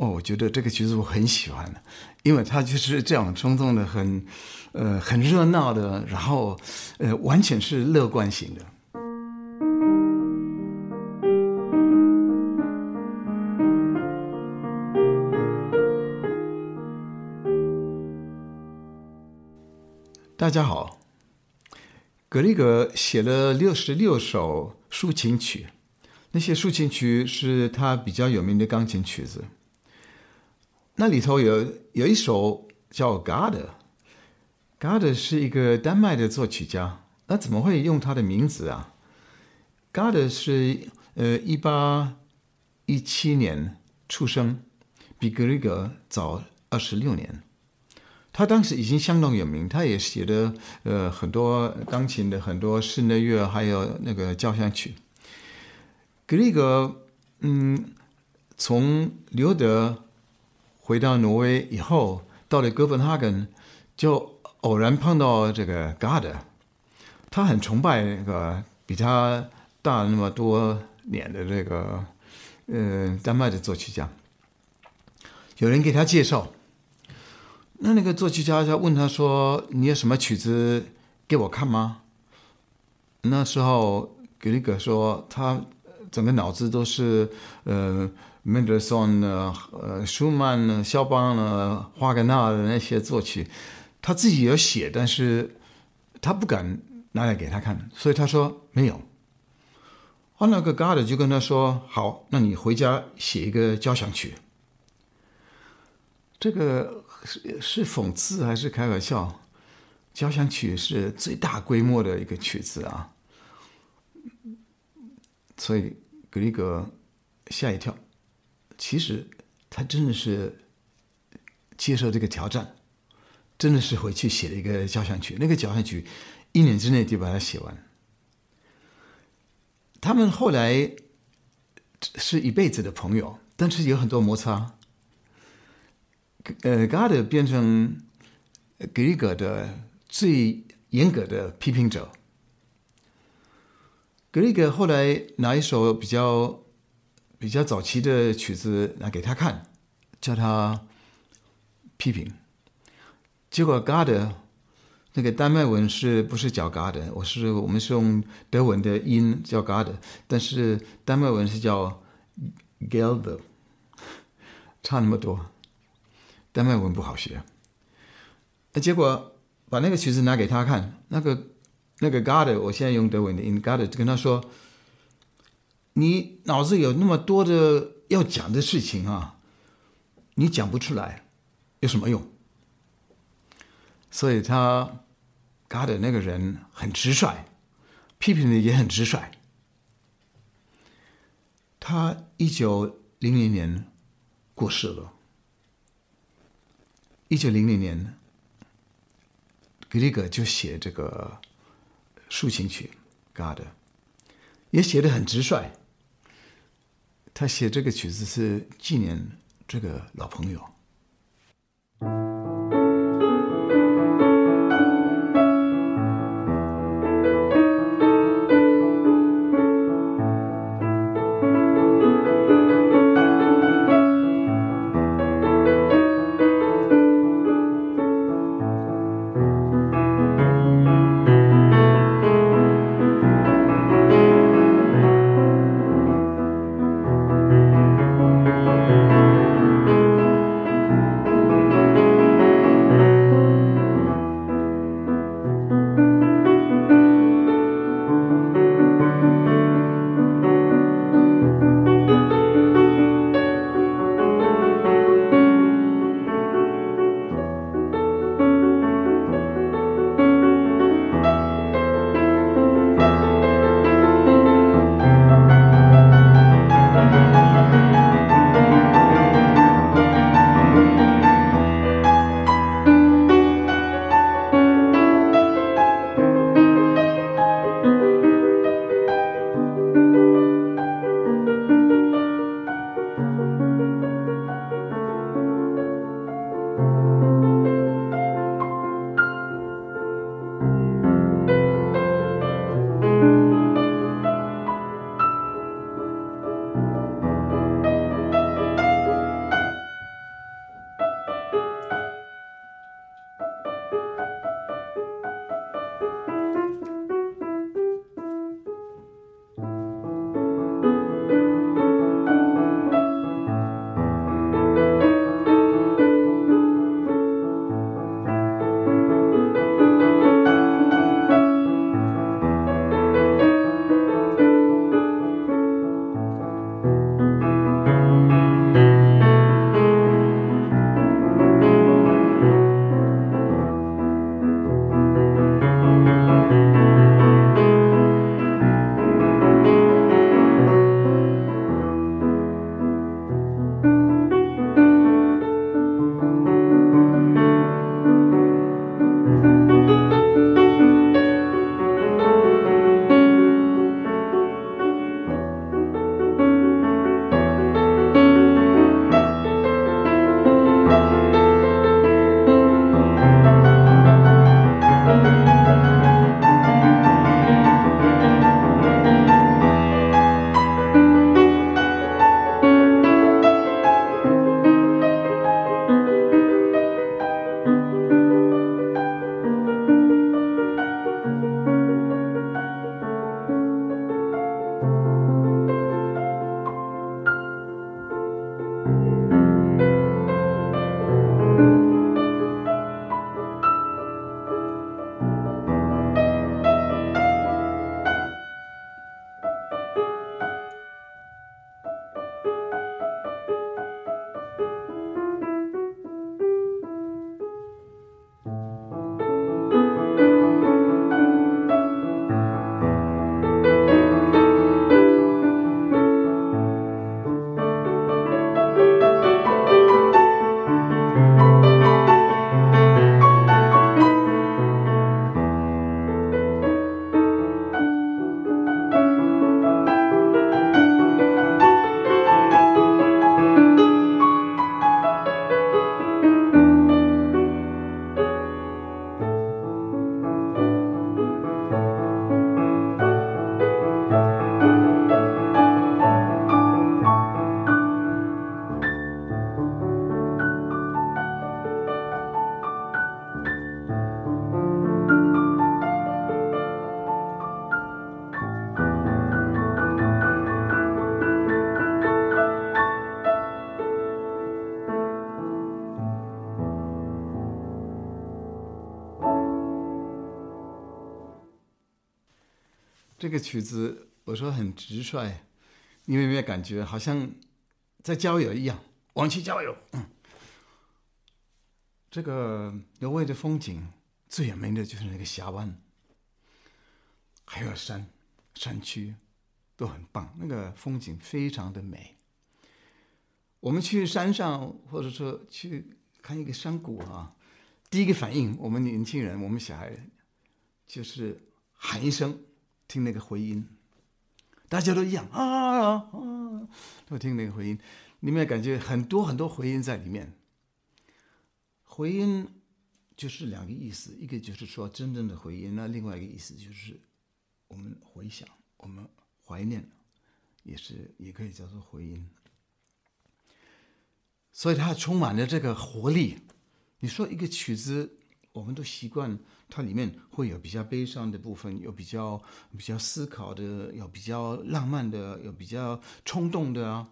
哦，我覺得這個曲子我很喜歡的，因為它就是這樣衝動的、很，呃，很熱鬧的，然後，呃，完全是樂觀型的。大家好，格里格寫了六十六首抒情曲，那些抒情曲是他比較有名的鋼琴曲子。那裡頭有有一首叫 Gade，Gade 是一個丹麥的作曲家。那怎麼會用他的名字啊？Gade 是呃一八一七年出生，比格里格早二十六年。他當時已經相當有名，他也寫的呃很多鋼琴的很多室內樂、樂，還有那個交響曲。格里格，嗯，從留德，回到挪威以後，到了哥本哈根，就偶然碰到這個 Gade。他很崇拜那個比他大那麼多年的這個，嗯、呃、丹麥的作曲家。有人給他介紹，那那個作曲家就問他說：“你有什麼曲子給我看嗎？”那時候格里格說，他整個腦子都是，嗯、呃。」門德爾松呢，呃，舒曼呢，肖邦呢，華格納的那些作曲，他自己有寫，但是他不敢拿來給他看，所以他說沒有。哦，那個 Gade 就跟他說：“好，那你回家寫一個交響曲。”這個是是諷刺還是開玩笑？交響曲是最大規模的一個曲子啊，所以格里格嚇一跳。其實他真的是接受這個挑戰，真的是回去寫了一個交響曲。那個交響曲一年之內就把它寫完。他們後來是一輩子的朋友，但是有很多摩擦。呃，Gade 變成格里格的最嚴格的批評者。格里格後來拿一首比較。比較早期的曲子，拿給他看，叫他批評。結果 Gade 那個丹麥文是不是叫 Gade？我是我們是用德文的音叫 Gade，但是丹麥文是叫 Gelder，差那麼多。丹麥文不好學。那結果把那個曲子拿給他看，那個那個 Gade 我現在用德文的音 Gade 跟他說。你腦子有那麼多的要講的事情啊，你講不出來，有什麼用？所以他，Gade 那個人很直率，批評的也很直率。他一九零零年過世了，一九零零年，格里格就寫這個抒情曲，Gade 也寫的很直率。他寫這個曲子，是紀念這個老朋友。這個曲子，我說很直率，你有沒有感覺好像在郊遊一樣？我去郊遊，嗯、這個挪威的風景最有名的就是那個峽灣，還有山，山區都很棒，那個風景非常的美。我們去山上，或者說去看一個山谷啊，第一個反應，我們年輕人，我們小孩就是喊一聲。聽那個回音，大家都一樣啊，啊，啊！都聽那個回音，你們也感覺很多很多回音在裡面。回音就是兩個意思，一個就是說真正的回音，那另外一個意思就是我們回想、我們懷念，也是也可以叫做回音。所以它充滿了這個活力。你說一個曲子，我們都習慣。它裡面會有比較悲傷的部分，有比較比較思考的，有比較浪漫的，有比較衝動的啊。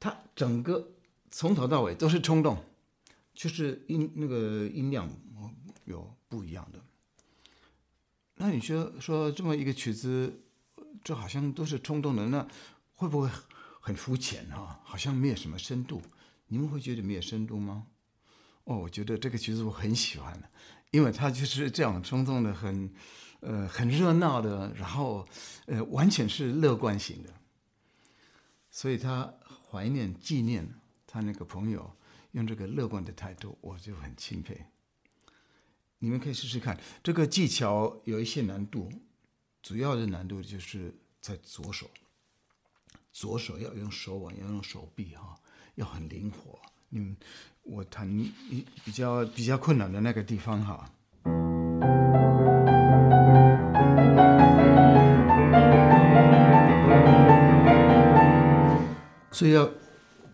它整個從頭到尾都是衝動，就是音那個音量有不一樣的。那你說說這麼一個曲子，這好像都是衝動的，那會不會很膚淺啊？好像沒有什麼深度，你們會覺得沒有深度嗎？哦，我覺得這個曲子我很喜歡啊因為他就是這樣衝動的，很，呃，很熱鬧的，然後，呃，完全是樂觀型的，所以他懷念紀念他那個朋友，用這個樂觀的態度，我就很欽佩。你們可以試試看，這個技巧有一些難度，主要的難度就是在左手，左手要用手腕，要用手臂，哈、哦，要很靈活。嗯，我彈一比較比較困難的那個地方哈，所以要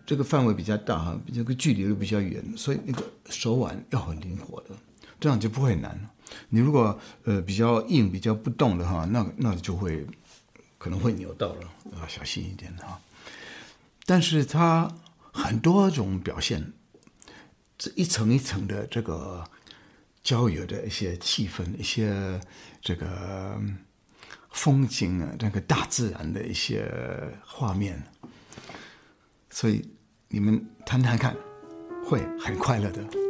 這個範圍比較大哈，這個距離又比較遠，所以那個手腕要很靈活的，這樣就不會難。你如果呃比較硬，比較不動的話，那那就會可能會扭到了，要，呃、小心一點的哈。但是它。很多種表現，這一層一層的這個交友的一些氣氛，一些這個風景啊，這、那個大自然的一些畫面，所以你們談談看，會很快樂的。